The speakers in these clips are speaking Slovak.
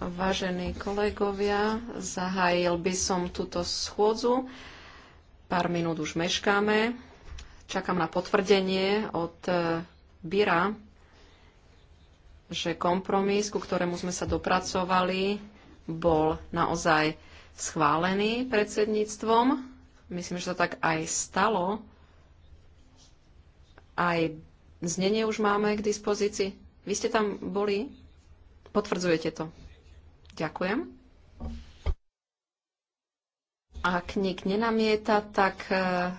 Vážení kolegovia, zahájil by som túto schôdzu. Pár minút už meškáme. Čakám na potvrdenie od e, Bira, že kompromis, ku ktorému sme sa dopracovali, bol naozaj schválený predsedníctvom. Myslím, že sa tak aj stalo. Aj znenie už máme k dispozícii. Vy ste tam boli? Potvrdzujete to? Ďakujem. Ak nik nenamieta, tak e,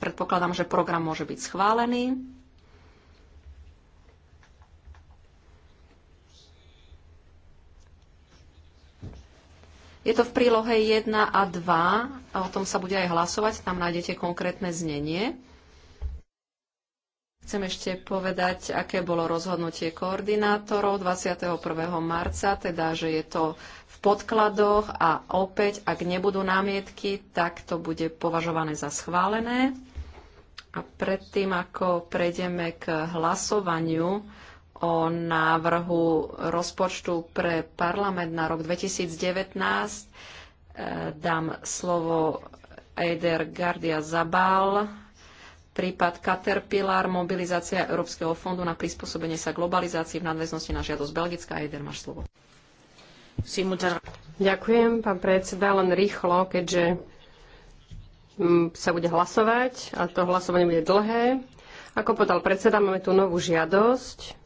predpokladám, že program môže byť schválený. Je to v prílohe 1 a 2, a o tom sa bude aj hlasovať, tam nájdete konkrétne znenie. Chcem ešte povedať, aké bolo rozhodnutie koordinátorov 21. marca, teda, že je to v podkladoch a opäť, ak nebudú námietky, tak to bude považované za schválené. A predtým, ako prejdeme k hlasovaniu o návrhu rozpočtu pre parlament na rok 2019, eh, dám slovo Eider Gardia Zabal, prípad Caterpillar, mobilizácia Európskeho fondu na prispôsobenie sa globalizácii v nadväznosti na žiadosť Belgická. Eder, máš slovo. Ďakujem, pán predseda, len rýchlo, keďže mm, sa bude hlasovať a to hlasovanie bude dlhé. Ako povedal predseda, máme tu novú žiadosť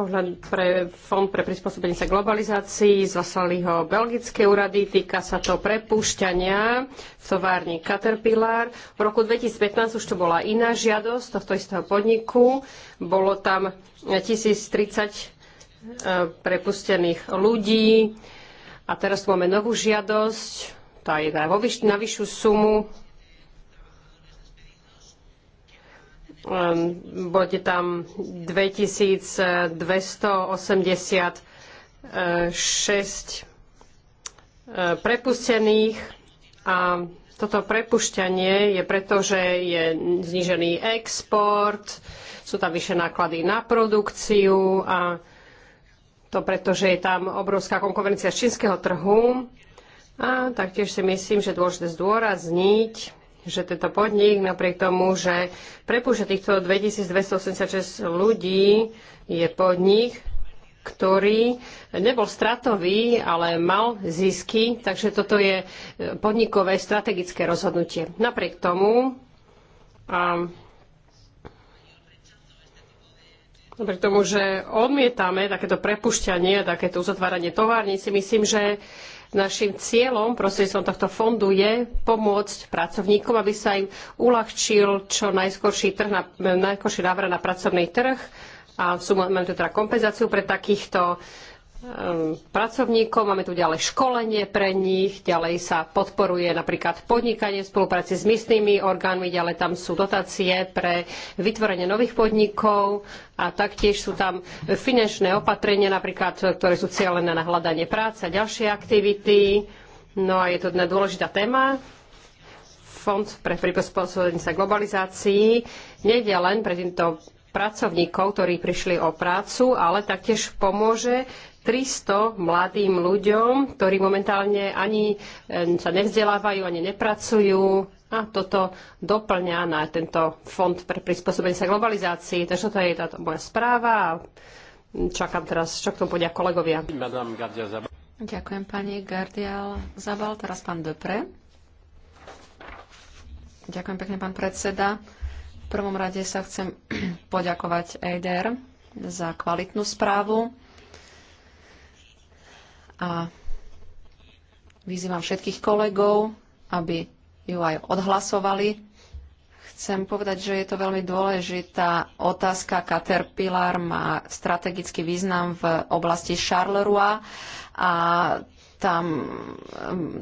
pohľad pre Fond pre prispôsobenie sa globalizácii, zaslali ho belgické úrady, týka sa to prepúšťania v továrni Caterpillar. V roku 2015 už to bola iná žiadosť tohto istého podniku. Bolo tam 1030 e, prepustených ľudí a teraz máme novú žiadosť, tá je na vyššiu sumu bude tam 2286 e, prepustených a toto prepušťanie je preto, že je znížený export, sú tam vyššie náklady na produkciu a to preto, že je tam obrovská konkurencia z čínskeho trhu. A taktiež si myslím, že dôležité zdôrazniť, že tento podnik napriek tomu, že prepúšťa týchto 2286 ľudí, je podnik, ktorý nebol stratový, ale mal zisky, takže toto je e, podnikové strategické rozhodnutie. Napriek tomu a napriek tomu, že odmietame takéto prepušťanie, takéto uzatváranie tovární, si myslím, že Našim cieľom prostredníctvom tohto fondu je pomôcť pracovníkom, aby sa im uľahčil čo najskorší, trh na, najskorší návrat na pracovný trh a sú, máme tu teda kompenzáciu pre takýchto Ehm, pracovníkov, máme tu ďalej školenie pre nich, ďalej sa podporuje napríklad podnikanie v spolupráci s miestnymi orgánmi, ďalej tam sú dotácie pre vytvorenie nových podnikov a taktiež sú tam finančné opatrenia, napríklad, ktoré sú cieľené na hľadanie práce a ďalšie aktivity. No a je to jedna dôležitá téma. Fond pre prispôsobenie sa globalizácii nejde len pre týmto pracovníkov, ktorí prišli o prácu, ale taktiež pomôže 300 mladým ľuďom, ktorí momentálne ani sa nevzdelávajú, ani nepracujú. A toto doplňa na tento fond pre prispôsobenie sa globalizácii. Takže toto je táto moja správa a čakám teraz, čo k tomu podia kolegovia. Ďakujem pani Gardial Zabal. Teraz pán Depre. Ďakujem pekne, pán predseda. V prvom rade sa chcem poďakovať EIDER za kvalitnú správu a vyzývam všetkých kolegov, aby ju aj odhlasovali. Chcem povedať, že je to veľmi dôležitá otázka. Caterpillar má strategický význam v oblasti Charleroi a tam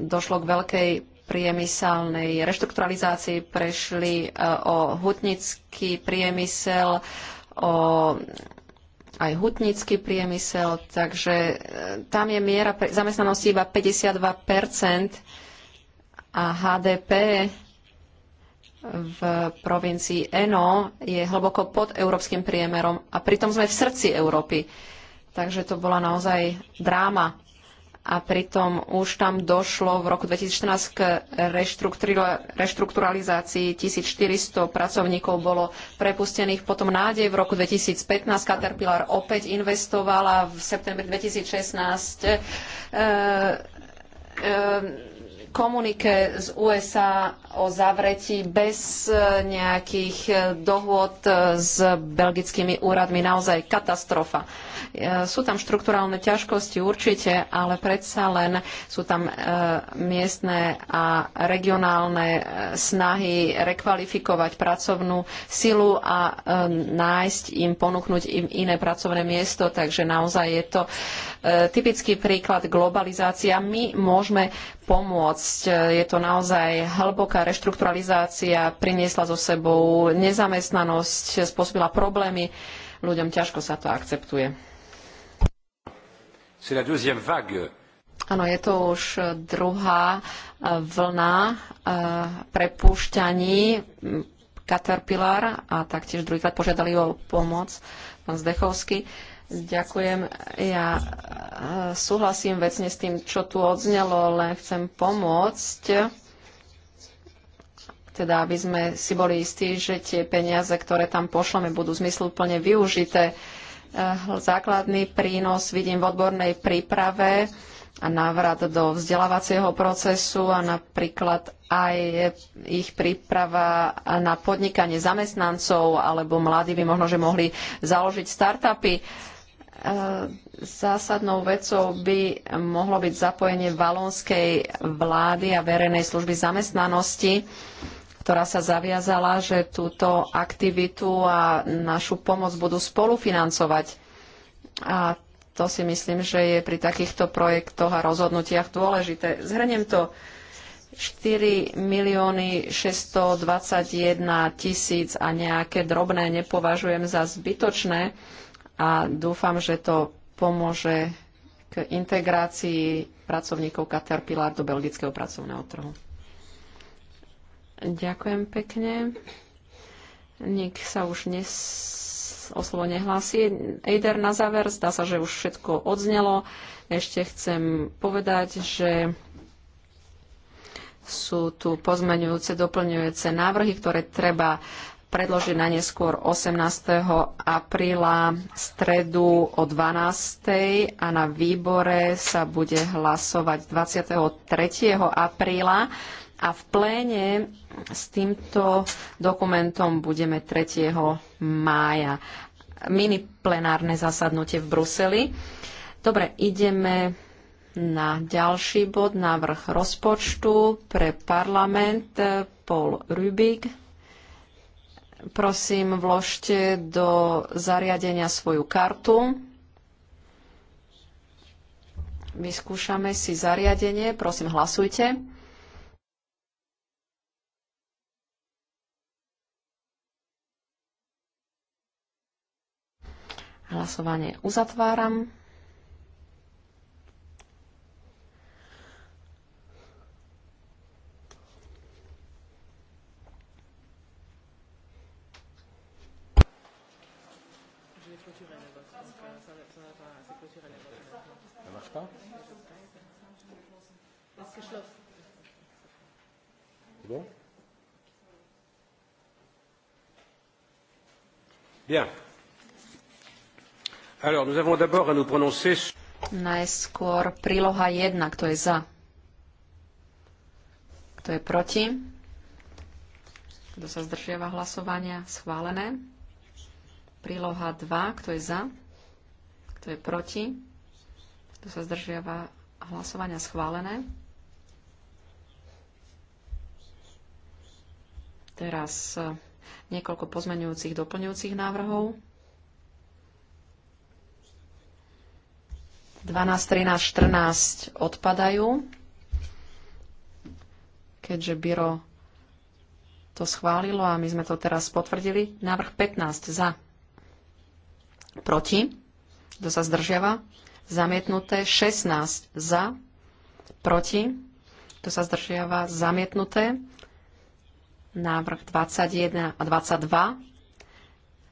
došlo k veľkej priemyselnej reštrukturalizácii, prešli e, o hutnický priemysel, o aj hutnícky priemysel, takže e, tam je miera zamestnanosti iba 52% a HDP v provincii Eno je hlboko pod európskym priemerom a pritom sme v srdci Európy. Takže to bola naozaj dráma a pritom už tam došlo v roku 2014 k reštrukturalizácii 1400 pracovníkov bolo prepustených. Potom nádej v roku 2015 Caterpillar opäť investovala v septembri 2016 e, e, komunike z USA o zavretí bez e, nejakých e, dohôd e, s belgickými úradmi naozaj katastrofa. Sú tam štrukturálne ťažkosti určite, ale predsa len sú tam miestne a regionálne snahy rekvalifikovať pracovnú silu a nájsť im, ponúknuť im iné pracovné miesto, takže naozaj je to typický príklad globalizácia. My môžeme pomôcť. Je to naozaj hlboká reštrukturalizácia, priniesla so sebou nezamestnanosť, spôsobila problémy. Ľuďom ťažko sa to akceptuje. Áno, je to už druhá eh, vlna eh, prepúšťaní. Mm, Caterpillar a taktiež druhýkrát požiadali o pomoc pán Zdechovský. Ďakujem. Ja e, súhlasím vecne s tým, čo tu odznelo, len chcem pomôcť. Teda, aby sme si boli istí, že tie peniaze, ktoré tam pošleme, budú zmysluplne využité. E, základný prínos vidím v odbornej príprave a návrat do vzdelávacieho procesu a napríklad aj ich príprava na podnikanie zamestnancov alebo mladí by možno, že mohli založiť startupy. E, zásadnou vecou by mohlo byť zapojenie valonskej vlády a verejnej služby zamestnanosti, ktorá sa zaviazala, že túto aktivitu a našu pomoc budú spolufinancovať. A to si myslím, že je pri takýchto projektoch a rozhodnutiach dôležité. Zhrnem to. 4 milióny 621 tisíc a nejaké drobné nepovažujem za zbytočné a dúfam, že to pomôže k integrácii pracovníkov Caterpillar do belgického pracovného trhu. Ďakujem pekne. Nik sa už nes... o slovo nehlási. Eider na záver, zdá sa, že už všetko odznelo. Ešte chcem povedať, že sú tu pozmeňujúce, doplňujúce návrhy, ktoré treba predloží na neskôr 18. apríla stredu o 12. a na výbore sa bude hlasovať 23. apríla a v pléne s týmto dokumentom budeme 3. mája. Mini plenárne zasadnutie v Bruseli. Dobre, ideme na ďalší bod, návrh rozpočtu pre parlament. Paul Rubik. Prosím, vložte do zariadenia svoju kartu. Vyskúšame si zariadenie. Prosím, hlasujte. Hlasovanie uzatváram. Najskôr príloha 1, kto je za. Kto je proti? Kto sa zdržiava hlasovania? Schválené. Príloha 2, kto je za? Kto je proti? Kto sa zdržiava hlasovania? Schválené. Teraz niekoľko pozmeňujúcich, doplňujúcich návrhov. 12, 13, 14 odpadajú, keďže byro to schválilo a my sme to teraz potvrdili. Návrh 15 za, proti, kto sa zdržiava, zamietnuté 16 za, proti, kto sa zdržiava, zamietnuté Návrh 21 a 22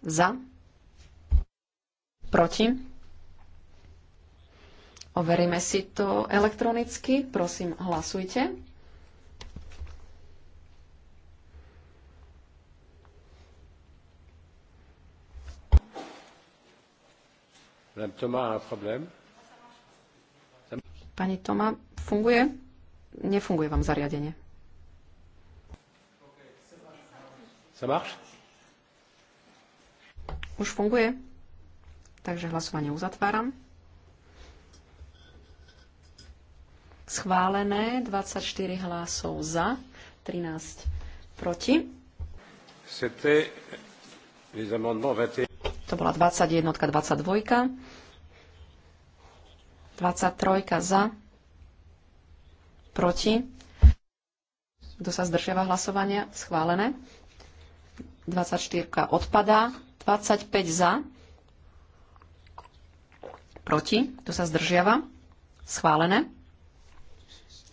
za, proti. Overíme si to elektronicky. Prosím, hlasujte. Pani Toma, funguje? Nefunguje vám zariadenie. Ça marche? Už funguje. Takže hlasovanie uzatváram. Schválené 24 hlasov za, 13 proti. To bola 21, 22. 23 za, proti. Kto sa zdržiava hlasovania? Schválené. 24 odpadá, 25 za, proti, tu sa zdržiava, schválené,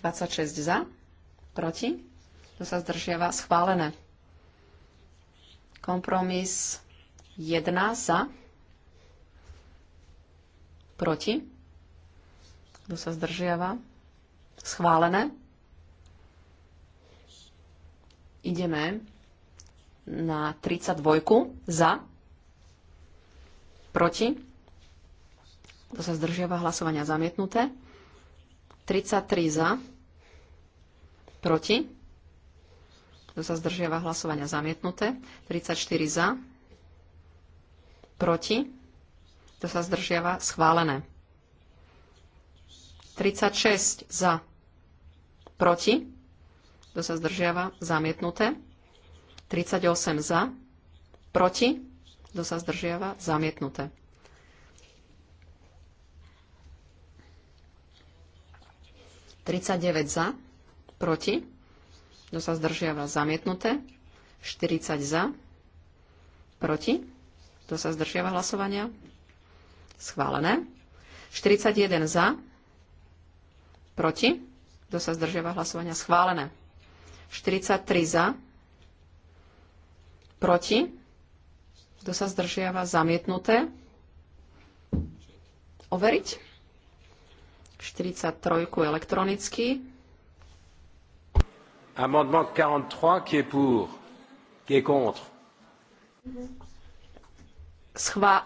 26 za, proti, tu sa zdržiava, schválené. Kompromis 1 za, proti, tu sa zdržiava, schválené. Ideme na 32 za, proti, to sa zdržiava hlasovania zamietnuté, 33 za, proti, to sa zdržiava hlasovania zamietnuté, 34 za, proti, to sa zdržiava schválené. 36 za, proti, to sa zdržiava zamietnuté, 38 za, proti, kto sa zdržiava, zamietnuté. Tridsaťdeväť za, proti, kto sa zdržiava, zamietnuté. 40 za, proti, kto sa zdržiava hlasovania, schválené. 41 za, proti, kto sa zdržiava hlasovania, schválené. 43 za, Proti? Kto sa zdržiava? Zamietnuté. Overiť? 43 elektronicky. Amendement 43, qui est pour? Qui est contre? Schva,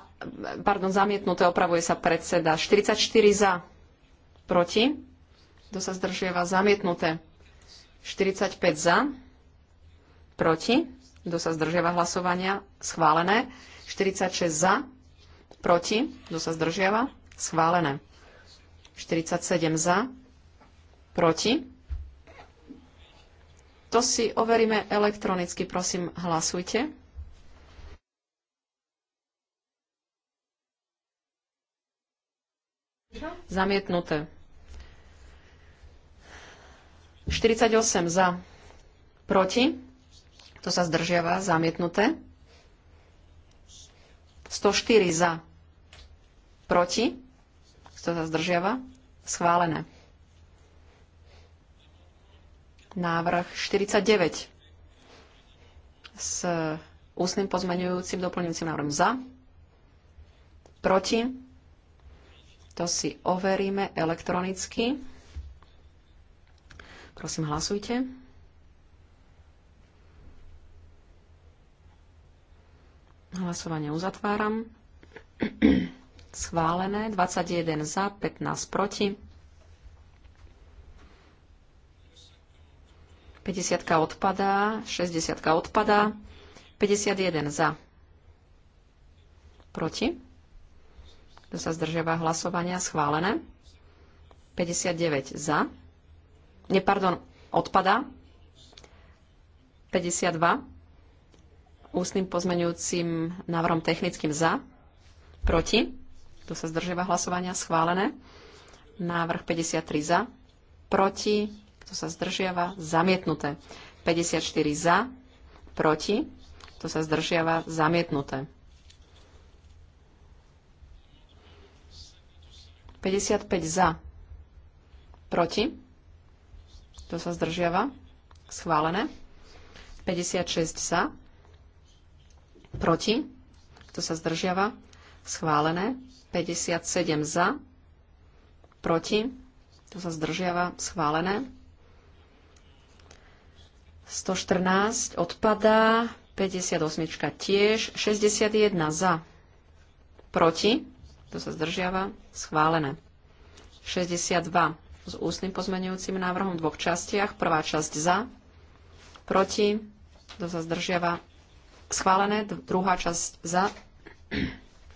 Pardon, zamietnuté, opravuje sa predseda. 44 za. Proti? Kto sa zdržiava? Zamietnuté. 45 za. Proti? kto sa zdržiava hlasovania, schválené. 46 za, proti, kto sa zdržiava, schválené. 47 za, proti. To si overíme elektronicky, prosím, hlasujte. Zamietnuté. 48 za, proti. Kto sa zdržiava? Zamietnuté. 104 za. Proti. Kto sa zdržiava? Schválené. Návrh 49 s ústnym pozmeňujúcim doplňujúcim návrhom za. Proti. To si overíme elektronicky. Prosím, hlasujte. Hlasovanie uzatváram. Schválené. 21 za, 15 proti. 50 odpadá, 60 odpadá, 51 za. Proti. Kto sa zdržiava hlasovania? Schválené. 59 za. Ne, pardon, odpadá. 52 ústnym pozmeňujúcim návrhom technickým za, proti, tu sa zdržiava hlasovania, schválené. Návrh 53 za, proti, kto sa zdržiava, zamietnuté. 54 za, proti, kto sa zdržiava, zamietnuté. 55 za, proti, kto sa zdržiava, schválené. 56 za, Proti? Kto sa zdržiava? Schválené. 57 za. Proti? Kto sa zdržiava? Schválené. 114 odpadá. 58 tiež. 61 za. Proti? Kto sa zdržiava? Schválené. 62 s ústnym pozmenujúcim návrhom v dvoch častiach. Prvá časť za, proti, kto sa zdržiava, Schválené. Druhá časť za.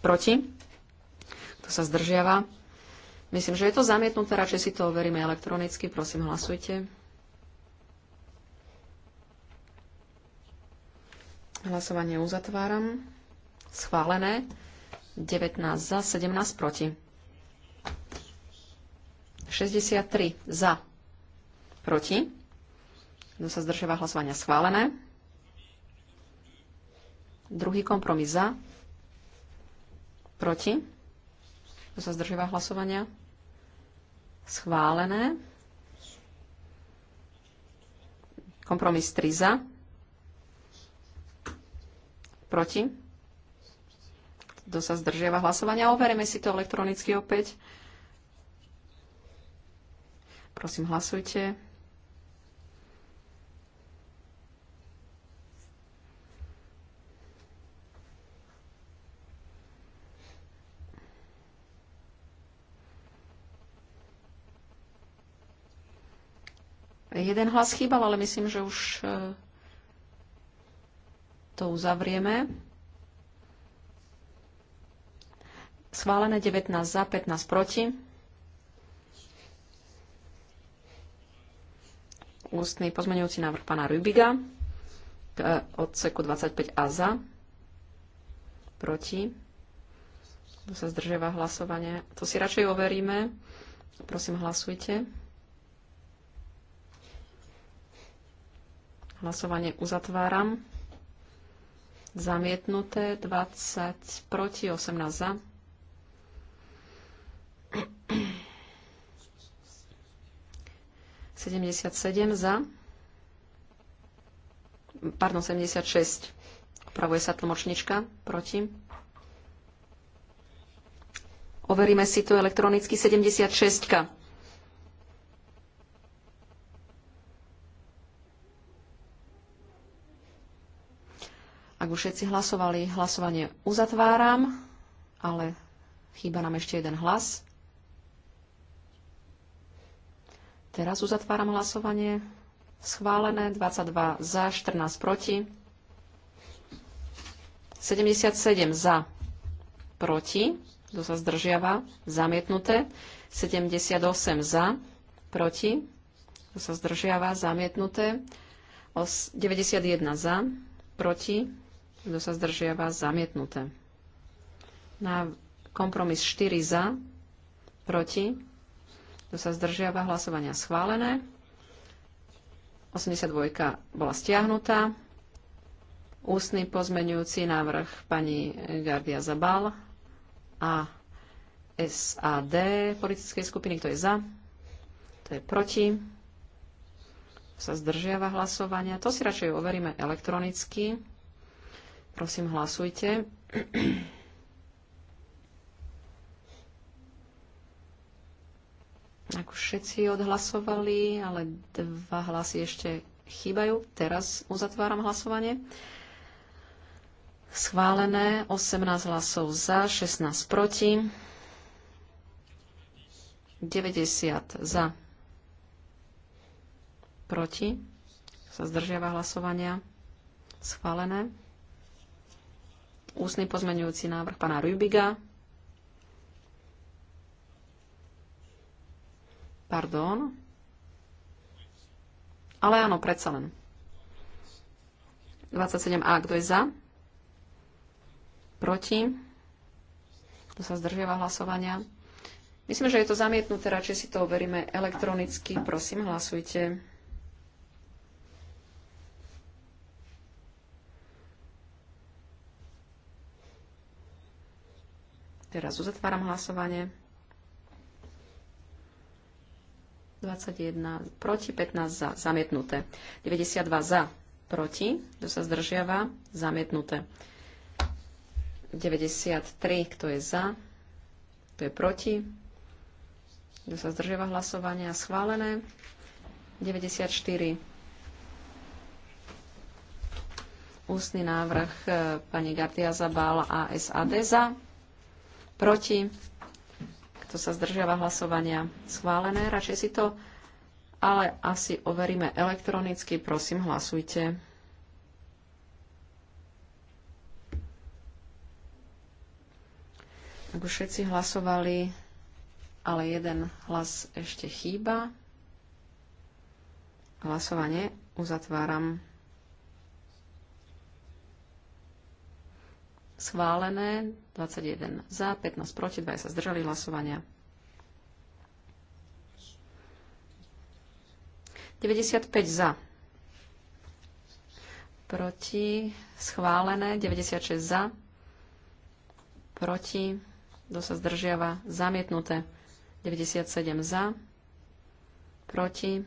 Proti. Kto sa zdržiava? Myslím, že je to zamietnuté. Radšej si to overíme elektronicky. Prosím, hlasujte. Hlasovanie uzatváram. Schválené. 19 za, 17 proti. 63 za, proti. Kto sa zdržiava hlasovania schválené? Druhý kompromis za. Proti. Kto sa zdržíva hlasovania? Schválené. Kompromis 3 za. Proti. Kto sa zdržiava hlasovania? Overíme si to elektronicky opäť. Prosím, hlasujte. Jeden hlas chýbal, ale myslím, že už e, to uzavrieme. Schválené 19 za, 15 proti. Ústny pozmenujúci návrh pána Rubiga k e, odseku 25a za, proti. Tu sa zdržiava hlasovanie. To si radšej overíme. Prosím, hlasujte. Hlasovanie uzatváram. Zamietnuté 20 proti 18 za. Sedemdesiat sedem za. Pardon, 76. Opravuje sa tlmočnička proti. Overíme si tu elektronicky 76. šestka. Ak už všetci hlasovali, hlasovanie uzatváram, ale chýba nám ešte jeden hlas. Teraz uzatváram hlasovanie. Schválené 22 za, 14 proti. 77 za, proti. Kto sa zdržiava? Zamietnuté. 78 za, proti. Kto sa zdržiava? Zamietnuté. 91 za, proti kto sa zdržiava? Zamietnuté. Na kompromis 4 za, proti. Kto sa zdržiava? Hlasovania schválené. 82 bola stiahnutá. Ústny pozmenujúci návrh pani Gardia Zabal a SAD politickej skupiny. Kto je za? Kto je proti? sa zdržiava hlasovania. To si radšej overíme elektronicky. Prosím, hlasujte. Ako všetci odhlasovali, ale dva hlasy ešte chýbajú. Teraz uzatváram hlasovanie. Schválené 18 hlasov za, 16 proti, 90 za, proti, sa zdržiava hlasovania. Schválené. Ústny pozmenujúci návrh pána Rubiga. Pardon. Ale áno, predsa len. 27a, kto je za? Proti? Kto sa zdržiava hlasovania? Myslím, že je to zamietnuté, radšej si to overíme elektronicky. Prosím, hlasujte. Teraz uzatváram hlasovanie. 21 proti, 15 za, zamietnuté. 92 za, proti, kto sa zdržiava, zamietnuté. 93, kto je za, kto je proti, kto sa zdržiava hlasovania, schválené. 94, ústny návrh eh, pani Gardia Zabal a SAD za, proti, kto sa zdržiava hlasovania, schválené. Radšej si to ale asi overíme elektronicky. Prosím, hlasujte. Ak už všetci hlasovali, ale jeden hlas ešte chýba. Hlasovanie uzatváram. schválené, 21 za, 15 proti, 2 sa zdržali hlasovania. 95 za, proti, schválené, 96 za, proti, kto sa zdržiava, zamietnuté, 97 za, proti,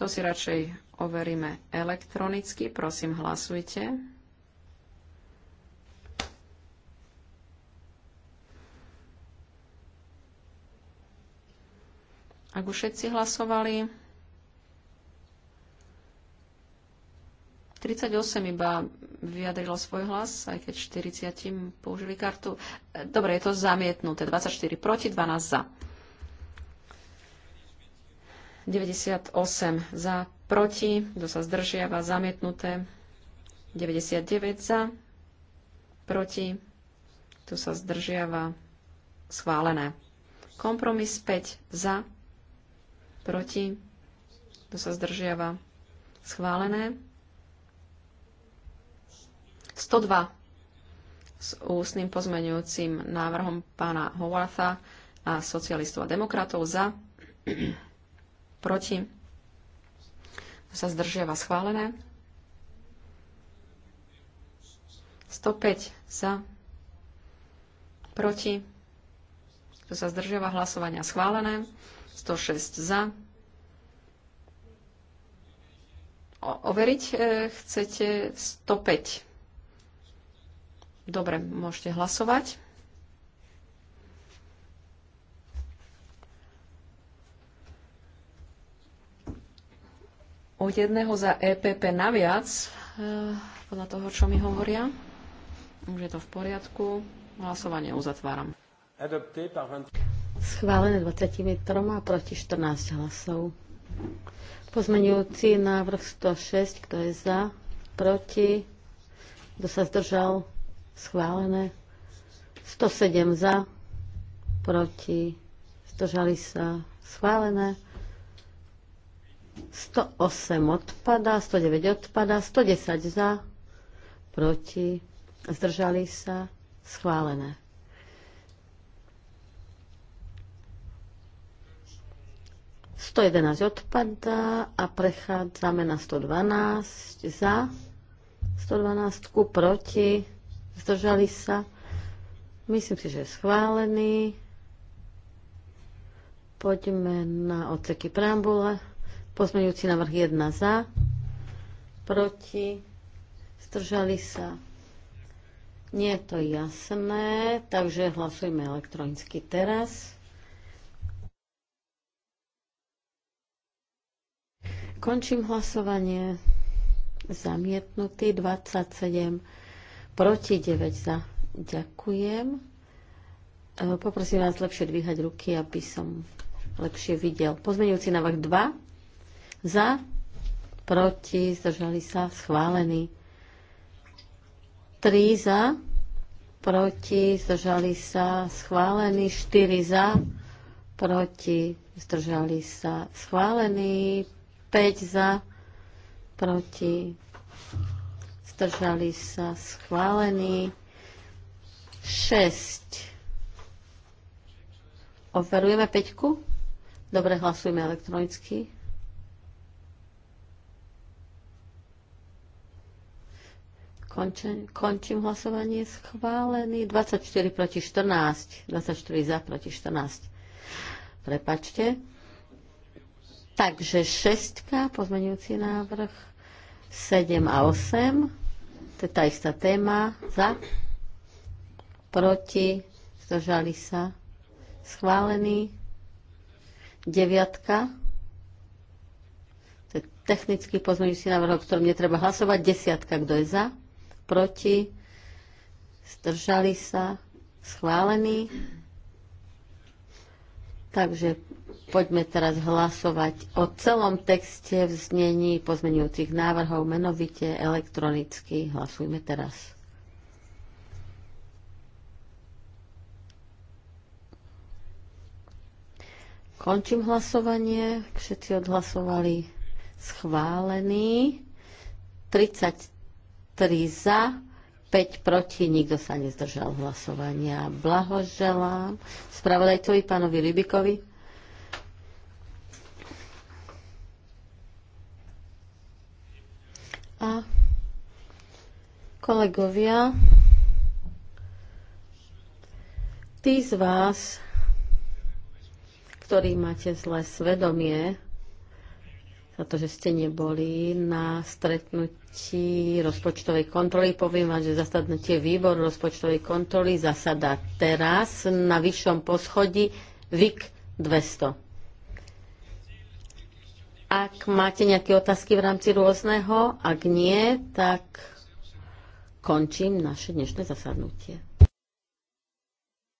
to si radšej overíme elektronicky, prosím hlasujte. Ak už všetci hlasovali, 38 iba vyjadrilo svoj hlas, aj keď 40 použili kartu. E, dobre, je to zamietnuté. 24 proti, 12 za. 98 za, proti, kto sa zdržiava, zamietnuté. 99 za, proti, kto sa zdržiava, schválené. Kompromis 5 za, proti, kto sa zdržiava, schválené. 102 s ústnym pozmenujúcim návrhom pána Howartha a socialistov a demokratov za, proti, kto sa zdržiava, schválené. 105 za, proti, kto sa zdržiava hlasovania schválené, 106 za. O, overiť e, chcete 105. Dobre, môžete hlasovať. O jedného za EPP naviac, e, podľa toho, čo mi hovoria. Už je to v poriadku. Hlasovanie uzatváram. Adopté par Schválené 23 proti 14 hlasov. Pozmenujúci návrh 106, kto je za, proti, kto sa zdržal, schválené. 107 za, proti, zdržali sa, schválené. 108 odpada, 109 odpada, 110 za, proti, zdržali sa, schválené. 111 odpadá a prechádzame na 112 za 112 proti zdržali sa myslím si, že je schválený poďme na odseky preambule pozmeňujúci návrh 1 za proti zdržali sa nie je to jasné takže hlasujme elektronicky teraz Končím hlasovanie. Zamietnutý 27, proti 9 za. Ďakujem. E, poprosím vás lepšie dvíhať ruky, aby som lepšie videl. Pozmeňujúci návrh 2. Za, proti, zdržali sa, schválený. 3 za, proti, zdržali sa, schválený. 4 za, proti, zdržali sa, schválený. 5 za, proti, zdržali sa schválení. 6. Overujeme 5. Dobre, hlasujeme elektronicky. Končen, končím hlasovanie schválený. 24 proti 14. 24 za proti 14. Prepačte. Takže 6, pozmeňujúci návrh, 7 a 8, to je tá istá téma, za, proti, zdržali sa, schválený, 9, to je technický pozmeňujúci návrh, o ktorom netreba hlasovať, desiatka, kto je za, proti, zdržali sa, schválený. Takže Poďme teraz hlasovať o celom texte v znení pozmenujúcich návrhov, menovite elektronicky. Hlasujme teraz. Končím hlasovanie. Všetci odhlasovali schválený. 33 za, 5 proti, nikto sa nezdržal hlasovania. Blahoželám spravodajcovi pánovi Rybikovi. Kolegovia, tí z vás, ktorí máte zlé svedomie, za to, že ste neboli na stretnutí rozpočtovej kontroly. Poviem vám, že zasadnutie výbor rozpočtovej kontroly zasada teraz na vyššom poschodí VIK 200. Ak máte nejaké otázky v rámci rôzneho, ak nie, tak Končím naše dnešné zasadnutie.